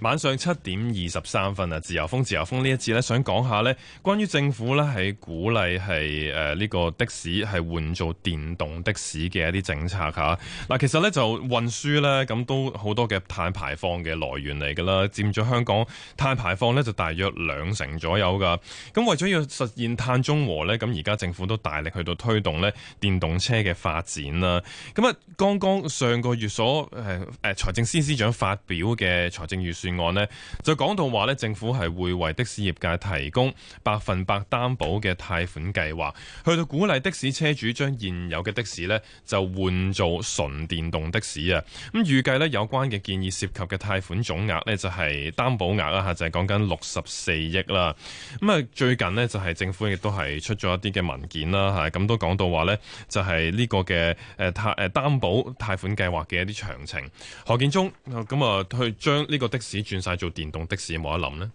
晚上七點二十三分啊！自由風自由風呢一節咧，想講下咧，關於政府咧係鼓勵係誒呢個的士係換做電動的士嘅一啲政策吓嗱、啊，其實咧就運輸咧咁都好多嘅碳排放嘅來源嚟㗎啦，佔咗香港碳排放咧就大約兩成左右㗎。咁、啊、為咗要實現碳中和咧，咁而家政府都大力去到推動咧電動車嘅發展啦。咁啊，剛剛上個月所誒誒財政司司長發表嘅財政預算。案呢就講到話呢政府係會為的士業界提供百分百擔保嘅貸款計劃，去到鼓勵的士車主將現有嘅的、的士呢就換做純電動的士啊！咁預計呢有關嘅建議涉及嘅貸款總額呢就係擔保額啦吓，就係講緊六十四億啦。咁啊，最近呢就係政府亦都係出咗一啲嘅文件啦吓，咁都講到話呢就係呢個嘅誒貸誒擔保貸款計劃嘅一啲詳情。何建忠咁啊去將呢個的士轉晒做電動的士冇得諗呢？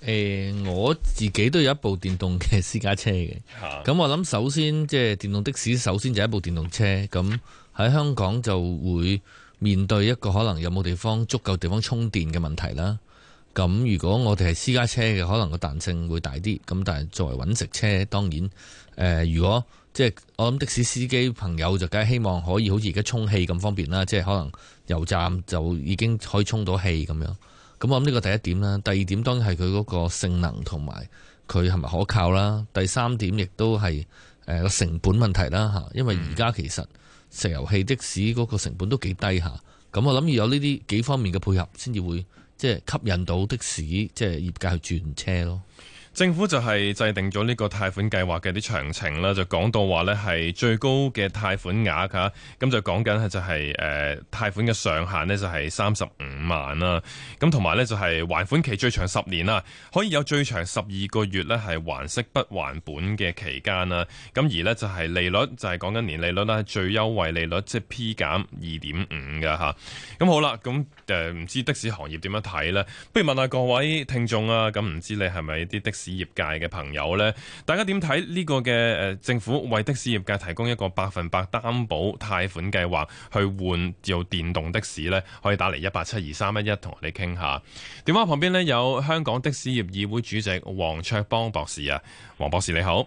誒、欸，我自己都有一部電動嘅私家車嘅，咁、啊、我諗首先即係、就是、電動的士，首先就係一部電動車，咁喺香港就會面對一個可能有冇地方足夠地方充電嘅問題啦。咁如果我哋係私家車嘅，可能個彈性會大啲。咁但係作為揾食車，當然，誒、呃，如果即係我諗的士司機朋友就梗係希望可以好似而家充氣咁方便啦，即係可能油站就已經可以充到氣咁樣。咁我諗呢個第一點啦，第二點當然係佢嗰個性能同埋佢係咪可靠啦。第三點亦都係誒個成本問題啦吓，因為而家其實石油氣的士嗰個成本都幾低吓。咁我諗要有呢啲幾方面嘅配合，先至會。即係吸引到的士，即係業界去轉車咯。政府就係制定咗呢個貸款計劃嘅啲詳情啦，就講到話呢係最高嘅貸款額嚇，咁就講緊係就係、是、誒、呃、貸款嘅上限呢，就係三十五萬啦，咁同埋呢就係還款期最長十年啦，可以有最長十二個月呢係還息不還本嘅期間啦，咁而呢就係利率就係講緊年利率啦，最優惠利率即係 P 減二點五嘅吓，咁好啦，咁唔、呃、知的士行業點樣睇呢？不如問下各位聽眾啊，咁唔知你係咪啲的士？業界嘅朋友呢，大家點睇呢個嘅誒，政府為的士業界提供一個百分百擔保貸款計劃，去換做電動的士呢？可以打嚟一八七二三一一同我哋傾下。電話旁邊呢，有香港的士業議會主席黃卓邦博士啊，黃博士你好，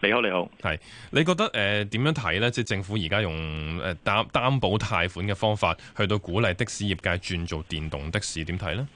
你好你好，係，你覺得誒點樣睇呢？即係政府而家用誒擔擔保貸款嘅方法，去到鼓勵的士業界轉做電動的士，點睇呢？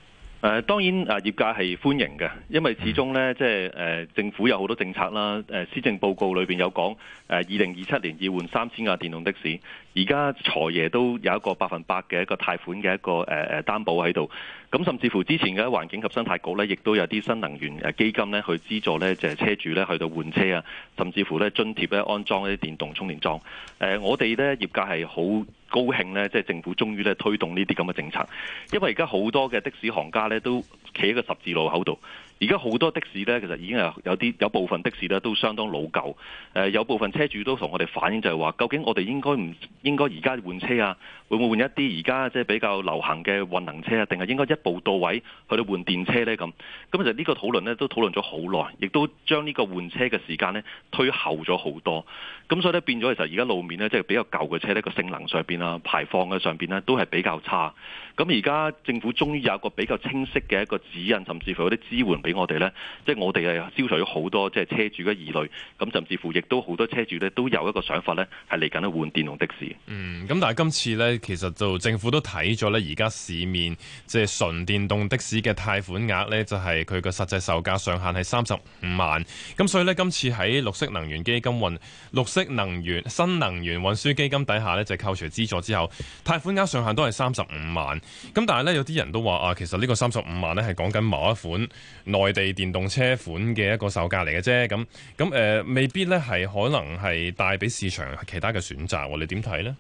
誒當然，誒業界係歡迎嘅，因為始終咧，即係誒政府有好多政策啦，誒施政報告裏邊有講，誒二零二七年要換三千架電動的士。而家財爺都有一個百分百嘅一個貸款嘅一個誒誒擔保喺度，咁甚至乎之前嘅環境及生態局呢，亦都有啲新能源誒基金呢去資助呢，就係車主呢去到換車啊，甚至乎呢津貼咧安裝一啲電動充電樁。誒，我哋呢業界係好高興呢，即係政府終於咧推動呢啲咁嘅政策，因為而家好多嘅的士行家呢都企喺個十字路口度。而家好多的士呢，其實已經有有啲有部分的士呢都相當老舊。誒，有部分車主都同我哋反映就係話，究竟我哋應該唔應該而家換車啊？會唔會換一啲而家即係比較流行嘅混能車啊？定係應該一步到位去到換電車呢？咁咁其實呢個討論呢都討論咗好耐，亦都將呢個換車嘅時間呢推後咗好多。咁所以呢變咗其實而家路面呢，即係比較舊嘅車呢個性能上面啦、排放嘅上面呢都係比較差。咁而家政府終於有一個比較清晰嘅一個指引，甚至乎有啲支援畀。我哋呢，即係我哋係消除咗好多即係車主嘅疑慮，咁甚至乎亦都好多車主呢都有一個想法呢，係嚟緊呢換電動的士。嗯，咁但係今次呢，其實就政府都睇咗呢，而家市面即係純電動的士嘅貸款額呢，就係佢嘅實際售價上限係三十五萬。咁、嗯、所以呢，今次喺綠色能源基金運綠色能源新能源運輸基金底下呢，就扣除資助之後，貸款額上限都係三十五萬。咁但係呢，有啲人都話啊，其實呢個三十五萬呢，係講緊某一款內地電動車款嘅一個售價嚟嘅啫，咁咁，誒未必呢係可能係帶俾市場其他嘅選擇。你點睇呢？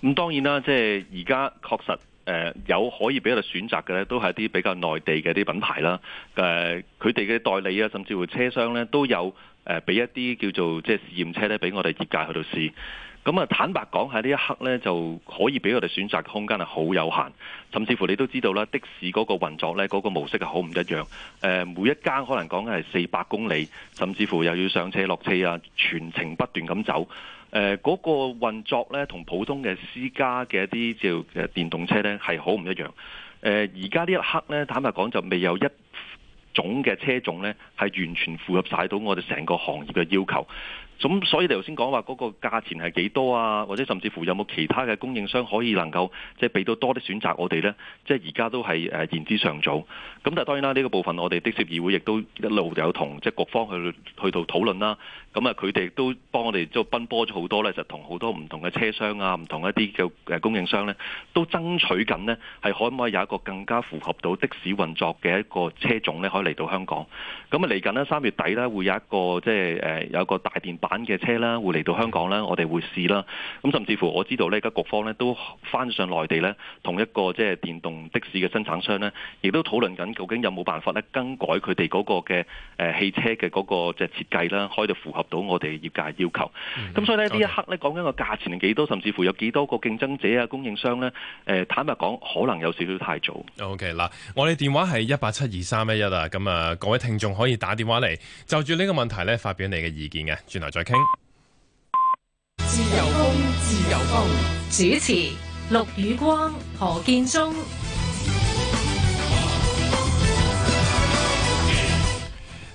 咁當然啦，即係而家確實誒有可以俾佢哋選擇嘅呢，都係一啲比較內地嘅啲品牌啦。誒、呃，佢哋嘅代理啊，甚至乎車商呢，都有誒俾一啲叫做即係試驗車呢，俾我哋業界去到試。咁啊，坦白講喺呢一刻呢就可以俾我哋選擇嘅空間係好有限，甚至乎你都知道啦，的士嗰個運作呢，嗰、嗰個模式係好唔一樣。呃、每一間可能講嘅係四百公里，甚至乎又要上車落車啊，全程不斷咁走。嗰、呃嗰個運作呢，同普通嘅私家嘅一啲叫電動車呢，係好唔一樣。而家呢一刻呢，坦白講就未有一種嘅車種呢係完全符合晒到我哋成個行業嘅要求。咁所以你頭先講話嗰個價錢係幾多啊？或者甚至乎有冇其他嘅供應商可以能夠即係俾到多啲選擇我哋咧？即係而家都係誒言之尚早。咁但係當然啦，呢個部分我哋的士議會亦都一路有同即係各方去去到討論啦。咁啊，佢哋都幫我哋即奔波咗好多咧，就同好多唔同嘅車商啊、唔同一啲嘅誒供應商咧，都爭取緊咧，係可唔可以有一個更加符合到的士運作嘅一個車種咧，可以嚟到香港。咁啊，嚟緊咧三月底咧，會有一個即係誒有一個大電版嘅車啦，會嚟到香港啦，我哋會試啦。咁甚至乎我知道呢家局方咧都返上內地咧，同一個即係電動的士嘅生產商咧，亦都討論緊究竟有冇辦法咧更改佢哋嗰個嘅誒汽車嘅嗰個即係設計啦，可以到符合到我哋業界要求。咁、嗯、所以咧呢、okay. 一刻咧講緊個價錢係幾多，甚至乎有幾多個競爭者啊、供應商呢，誒，坦白講可能有少少太早。OK 嗱，我哋電話係一八七二三一一啊，咁啊各位聽眾可以打電話嚟，就住呢個問題呢發表你嘅意見嘅，轉台嚟自由風，自由風。主持：陸宇光、何建中。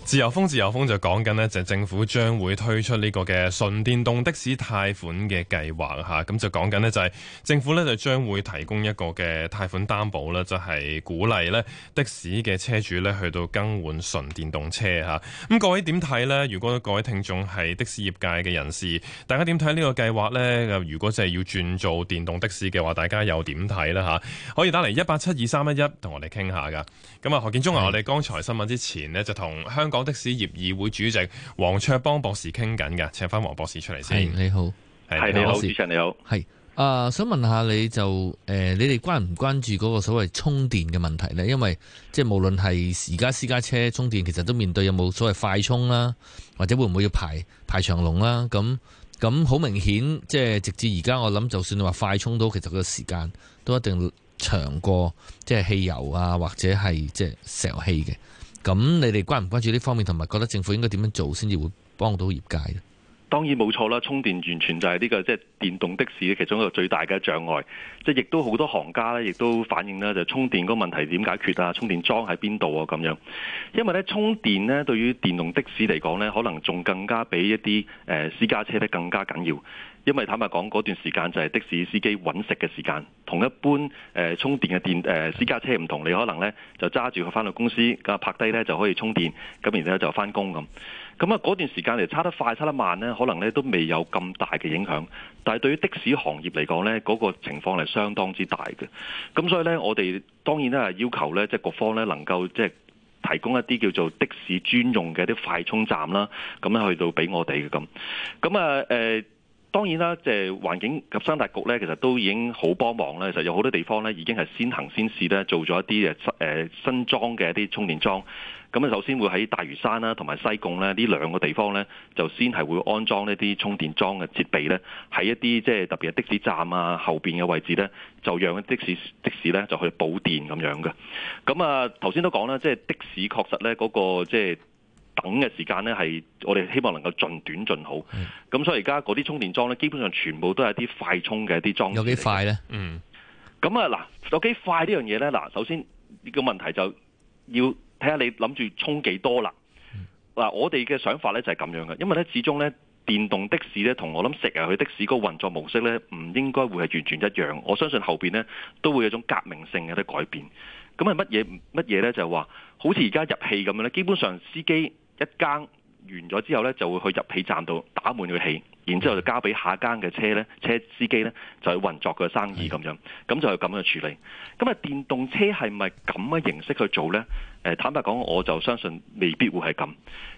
自由風，自由風就講緊呢，就政府將會推出呢個嘅純電動的士貸款嘅計劃嚇。咁就講緊呢，就係政府呢，就將會提供一個嘅貸款擔保啦，就係鼓勵呢的士嘅車主呢去到更換純電動車嚇。咁各位點睇呢？如果各位聽眾係的士業界嘅人士，大家點睇呢個計劃呢？如果就係要轉做電動的士嘅話，大家又點睇呢？嚇，可以打嚟一八七二三一一同我哋傾下噶。咁啊，何建宗啊，我哋剛才新聞之前呢，就同香港，的士業議會主席黃卓邦博士傾緊噶，請翻黃博士出嚟先。係你好，係你好，主持人你好。係啊、呃，想問下你就誒、呃，你哋關唔關注嗰個所謂充電嘅問題呢？因為即係無論係而家私家車充電，其實都面對有冇所謂快充啦，或者會唔會要排排長龍啦？咁咁好明顯，即係直至而家，我諗就算你話快充都，其實個時間都一定長過即係汽油啊，或者係即係石油氣嘅。咁你哋關唔關注呢方面，同埋覺得政府應該點樣做先至會幫到業界？當然冇錯啦，充電完全就係呢、這個即係、就是、電動的士其中一個最大嘅障礙。即係亦都好多行家咧，亦都反映啦，就充電嗰個問題點解決啊？充電樁喺邊度啊？咁樣，因為咧充電呢對於電動的士嚟講呢，可能仲更加比一啲誒私家車咧更加緊要。因為坦白講，嗰段時間就係的士司機揾食嘅時間，同一般誒、呃、充電嘅電誒、呃、私家車唔同，你可能呢就揸住佢翻到公司，咁拍低呢就可以充電，咁然之後就翻工咁。咁啊嗰段時間嚟，差得快，差得慢呢，可能呢都未有咁大嘅影響。但係對於的士行業嚟講呢，嗰、嗰個情況係相當之大嘅。咁所以呢，我哋當然咧係要求呢，即、係、各方呢能夠即係提供一啲叫做的士專用嘅啲快充站啦，咁去到俾我哋嘅咁。咁啊。當然啦，即係環境及生態局咧，其實都已經好幫忙咧。其實有好多地方咧，已經係先行先試咧，做咗一啲誒新新裝嘅一啲充電樁。咁啊，首先會喺大嶼山啦，同埋西貢咧呢兩個地方咧，就先係會安裝呢啲充電樁嘅設備咧，喺一啲即係特別係的士站啊後邊嘅位置咧，就讓的士的士咧就去補電咁樣嘅。咁啊，頭先都講啦，即係的士確實咧、那、嗰個即係，就是等嘅時間呢，係我哋希望能夠盡短盡好。咁、嗯、所以而家嗰啲充電樁呢，基本上全部都係啲快充嘅啲樁。有幾快呢？嗯。咁啊嗱，有幾快呢樣嘢呢？嗱，首先呢、呢個問題就要睇下你諗住充幾多、嗯、啦。嗱，我哋嘅想法呢就係、是、咁樣嘅，因為呢，始終呢，電動的士呢，同我諗石油氣的士嗰個運作模式呢，唔應該會係完全一樣。我相信後面呢，都會有種革命性嘅改變。咁係乜嘢乜嘢呢？就係話好似而家入氣咁樣呢，基本上司機。一間完咗之後呢，就會去入氣站度打滿佢氣，然之後就交俾下一間嘅車呢車司機呢，就去運作個生意咁樣，咁就係咁樣嘅處理。咁啊，電動車係咪咁嘅形式去做呢？誒，坦白講，我就相信未必會係咁，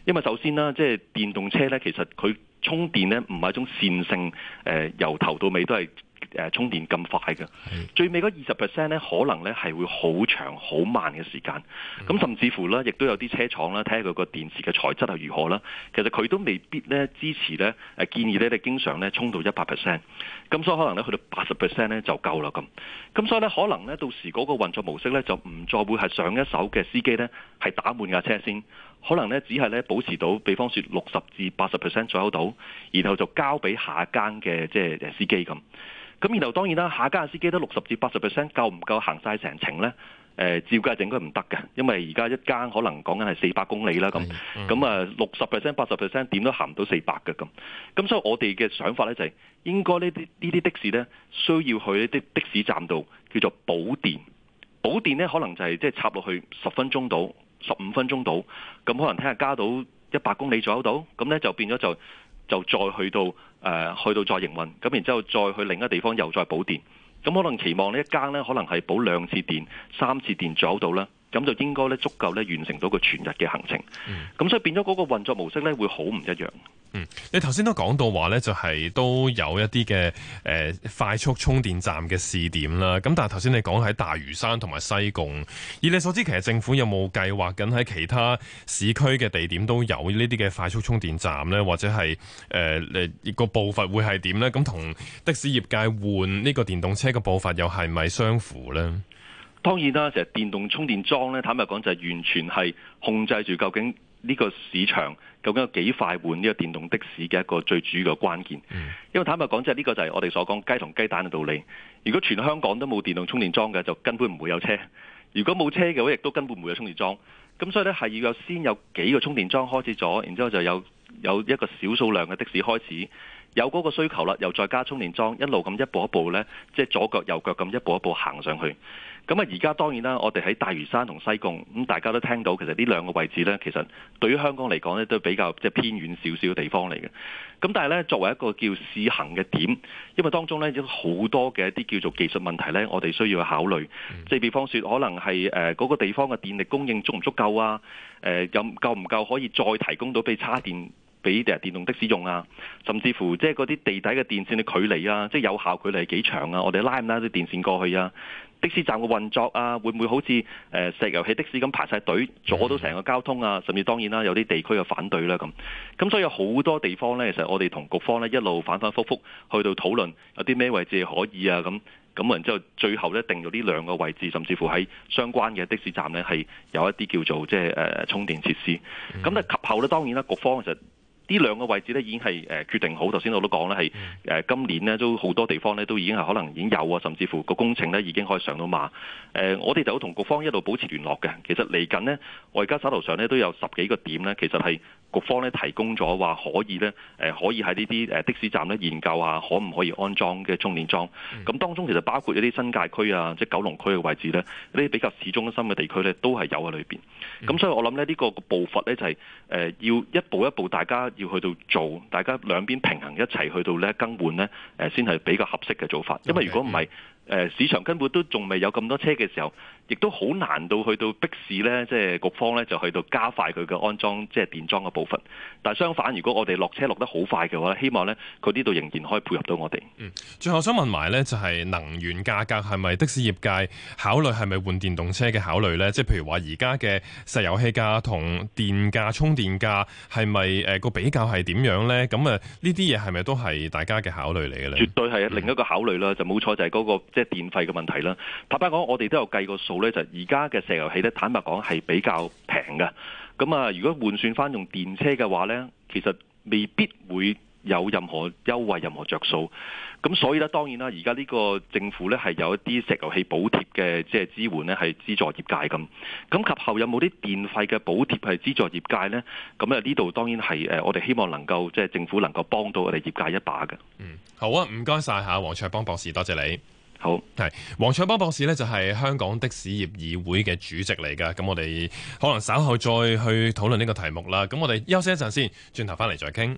因為首先啦，即係電動車呢，其實佢充電呢，唔係一種線性，誒，由頭到尾都係。充電咁快嘅，最尾嗰二十 percent 咧，可能咧係會好長好慢嘅時間，咁甚至乎呢，亦都有啲車廠啦，睇下佢個電池嘅材質係如何啦。其實佢都未必咧支持咧，建議咧，你經常咧充到一百 percent，咁所以可能咧去到八十 percent 咧就夠啦咁，咁所以咧可能咧到時嗰個運作模式咧就唔再會係上一手嘅司機咧係打滿架車先。可能咧只係咧保持到，比方說六十至八十 percent 左右到，然後就交俾下一間嘅即係司機咁。咁然後當然啦，下一間嘅司機都六十至八十 percent，夠唔夠行晒成程咧？誒，照計應該唔得嘅，因為而家一間可能講緊係四百公里啦咁。咁啊，六十 percent、八十 percent 點都行唔到四百嘅咁。咁所以我哋嘅想法咧就係、是、應該呢啲呢啲的士咧需要去啲的士站度叫做補電，補電咧可能就係即係插落去十分鐘到。十五分鐘到，咁可能聽日加到一百公里左右到，咁呢就變咗就就再去到、呃、去到再營運，咁然之後再去另一個地方又再補電，咁可能期望呢一間呢，可能係補兩次電、三次電左右到啦。咁就應該咧足夠咧完成到個全日嘅行程，咁、嗯、所以變咗嗰個運作模式咧會好唔一樣。嗯，你頭先都講到話咧，就係都有一啲嘅誒快速充電站嘅試點啦。咁但係頭先你講喺大嶼山同埋西貢，以你所知，其實政府有冇計劃緊喺其他市區嘅地點都有呢啲嘅快速充電站咧，或者係誒誒個步伐會係點咧？咁同的士業界換呢個電動車嘅步伐又係咪相符咧？當然啦，其實電動充電樁咧。坦白講，就完全係控制住究竟呢個市場究竟有幾快換呢個電動的士嘅一個最主要嘅關鍵。因為坦白講，即係呢個就係我哋所講雞同雞蛋嘅道理。如果全香港都冇電動充電樁嘅，就根本唔會有車；如果冇車嘅話，亦都根本唔會有充電樁。咁所以咧，係要有先有幾個充電樁開始咗，然之後就有有一個小數量嘅的，的士開始。有嗰個需求啦，又再加充電樁，一路咁一步一步咧，即係左腳右腳咁一步一步行上去。咁啊，而家當然啦，我哋喺大嶼山同西貢，咁大家都聽到其實呢兩個位置咧，其實對於香港嚟講咧，都比較即係偏遠少少嘅地方嚟嘅。咁但係咧，作為一個叫試行嘅點，因為當中咧有好多嘅一啲叫做技術問題咧，我哋需要考慮。即係比方講，可能係誒嗰個地方嘅電力供應足唔足夠啊？誒又夠唔夠可以再提供到俾叉電？俾電動的士用啊，甚至乎即係嗰啲地底嘅電線嘅距離啊，即係有效距離係幾長啊？我哋拉唔拉啲電線過去啊？的士站嘅運作啊，會唔會好似石油氣的士咁排晒隊，阻到成個交通啊？甚至當然啦，有啲地區嘅反對啦咁。咁所以好多地方呢，其實我哋同局方呢一路反反覆覆去到討論有啲咩位置可以啊咁。咁然之後最後呢，定咗呢兩個位置，甚至乎喺相關嘅的、的士站呢，係有一啲叫做即係、呃、充電設施。咁但及後呢，當然啦，局方其實。呢兩個位置咧已經係誒決定好。頭先我都講咧係誒今年呢，都好多地方呢，都已經係可能已經有啊，甚至乎個工程呢已經可以上到馬。誒，我哋就同局方一路保持聯絡嘅。其實嚟緊呢，我而家手頭上呢，都有十幾個點呢，其實係局方呢提供咗話可以呢，誒，可以喺呢啲誒的士站呢研究下可唔可以安裝嘅充電樁。咁當中其實包括一啲新界區啊，即係九龍區嘅位置呢，呢啲比較市中心嘅地區呢，都係有喺裏邊。咁所以我諗咧呢個步伐呢，就係誒要一步一步大家。要去到做，大家兩邊平衡一齊去到咧更換咧，誒、呃、先係比較合適嘅做法。因為如果唔係，Okay. 誒，市場根本都仲未有咁多車嘅時候，亦都好難到去到逼市呢，即係局方呢，就去到加快佢嘅安裝，即係電樁嘅部分。但相反，如果我哋落車落得好快嘅話，希望呢，佢呢度仍然可以配合到我哋。嗯，最後想問埋呢，就係、是、能源價格係咪的士業界考慮係咪換電動車嘅考慮呢？即、就、係、是、譬如話而家嘅石油氣價同電價、充電價係咪誒個比較係點樣呢？咁啊，呢啲嘢係咪都係大家嘅考慮嚟嘅呢？絕對係另一個考慮啦、嗯，就冇錯就係、是、嗰、那個。即係電費嘅問題啦。坦白講，我哋都有計過數咧，就而家嘅石油氣咧，坦白講係比較平嘅。咁啊，如果換算翻用電車嘅話咧，其實未必會有任何優惠、任何着數。咁所以咧，當然啦，而家呢個政府咧係有一啲石油氣補貼嘅即係支援咧，係資助業界咁。咁及後有冇啲電費嘅補貼係資助業界咧？咁啊，呢度當然係誒，我哋希望能夠即係政府能夠幫到我哋業界一把嘅。嗯，好啊，唔該晒，嚇，黃卓邦博士，多謝你。好，係黃卓邦博士呢就係香港的士業議會嘅主席嚟噶，咁我哋可能稍後再去討論呢個題目啦，咁我哋休息一陣先，轉頭返嚟再傾。